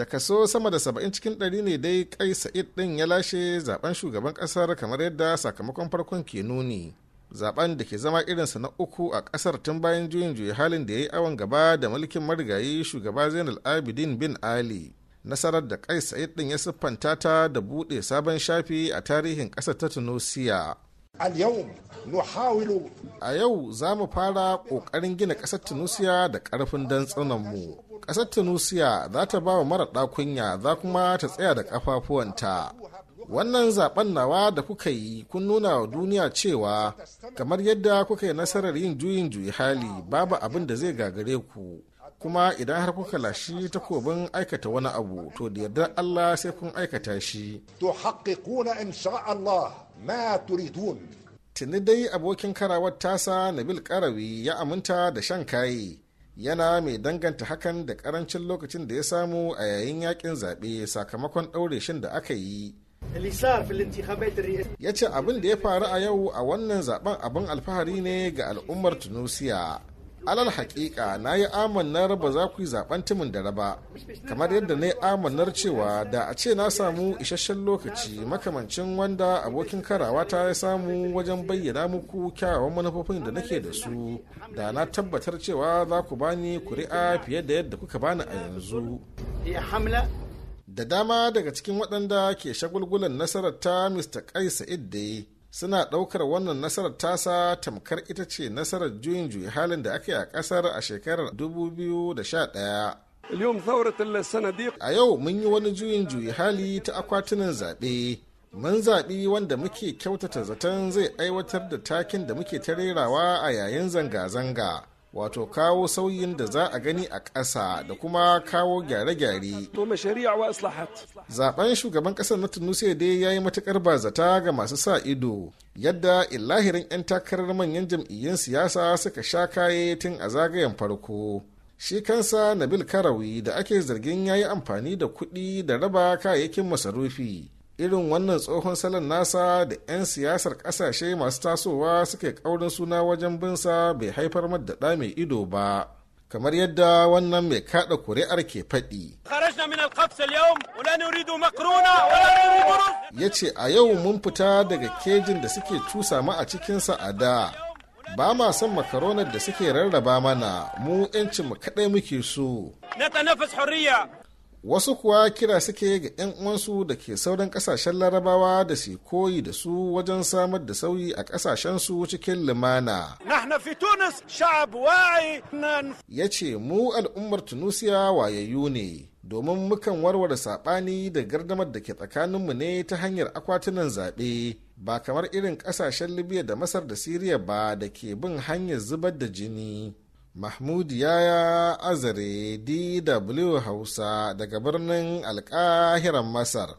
da kaso sama da saba'in cikin ɗari ne dai kai sa'id ɗin ya lashe zaben shugaban ƙasar kamar yadda sakamakon farkon ke nuni zaben da ke zama irinsa na uku a ƙasar tun bayan juyin juya halin da ya yi awon gaba da mulkin marigayi shugaba zainal abidin bin ali nasarar da kai sa'id ɗin ya siffanta ta da buɗe sabon shafi a tarihin ƙasar ta a yau za mu fara ƙoƙarin gina ƙasar tunusiya da ƙarfin mu kasar tunisia za ta ba wa mara ɗakunya za kuma ta tsaya da ƙafafuwanta wannan zaben nawa da kuka yi kun nuna wa duniya cewa kamar yadda kuka yi nasarar yin juyin juyi hali babu abin da zai gagare ku kuma idan har kuka lashi takobin aikata wani abu to da yardar Allah sai kun aikata shi. To Tuni dai abokin karawar tasa Nabil Karawi ya aminta da shan kayi. yana mai danganta hakan da karancin lokacin da ya samu a yayin yakin zaɓe sakamakon ɗaure shin da aka yi ya ce abin da ya faru a yau a wannan zaben abin alfahari ne ga al'ummar tunusiya. alal hakika na yi amannar ba za ku yi zaben timin da raba kamar yadda na yi amannar cewa da a ce na samu isasshen lokaci makamancin wanda abokin karawa ta ya samu wajen bayyana muku kyawawan manufofin da nake da su da na tabbatar cewa za ku bani kuri'a fiye da yadda kuka bani a yanzu da dama daga cikin waɗanda ke shagulgulan nasarar ta mr kai sa'id suna ɗaukar wannan nasarar tasa tamkar ita ce nasarar juyin juyi halin da aka yi a ƙasar a shekarar 2011 a yau mun yi wani juyin juyi hali ta akwatunan zaɓe mun zaɓi wanda muke kyautata zaton zai aiwatar da takin da muke ta rerawa a yayin zanga-zanga wato kawo sauyin da za a gani a ƙasa da kuma kawo gyare-gyare. Zaben shugaban ƙasar na Tunusia dai ya yi matuƙar bazata ga masu sa ido, yadda illahirin 'yan takarar manyan jam'iyyun siyasa suka sha kaye tun a zagayen farko. Shi kansa Nabil Karawi da ake zargin ya yi amfani da kuɗi da raba kayayyakin masarufi. irin wannan tsohon salon nasa da 'yan siyasar kasashe masu tasowa suke kaurin suna wajen binsa bai haifar da mai ido ba kamar yadda wannan mai kada kuri'ar ke faɗi ya ce a yau mun fita daga kejin da suke cusa mu a cikinsa a da ba ma son makaronar da suke rarraba mana mu 'yancin mu kaɗai muke so wasu kuwa kira suke ga 'yan uwansu da ke sauran kasashen larabawa da su koyi da su wajen samar da sauyi a su cikin limana ya ce mu al'ummar tunisia wayayyu ne domin mukan warware saɓani da gardamar da ke tsakaninmu ne ta hanyar akwatunan zaɓe ba kamar irin ƙasashen libya da masar da siriya ba da ke bin hanyar zubar da jini mahmud yaya azare dw hausa daga birnin alkahiran masar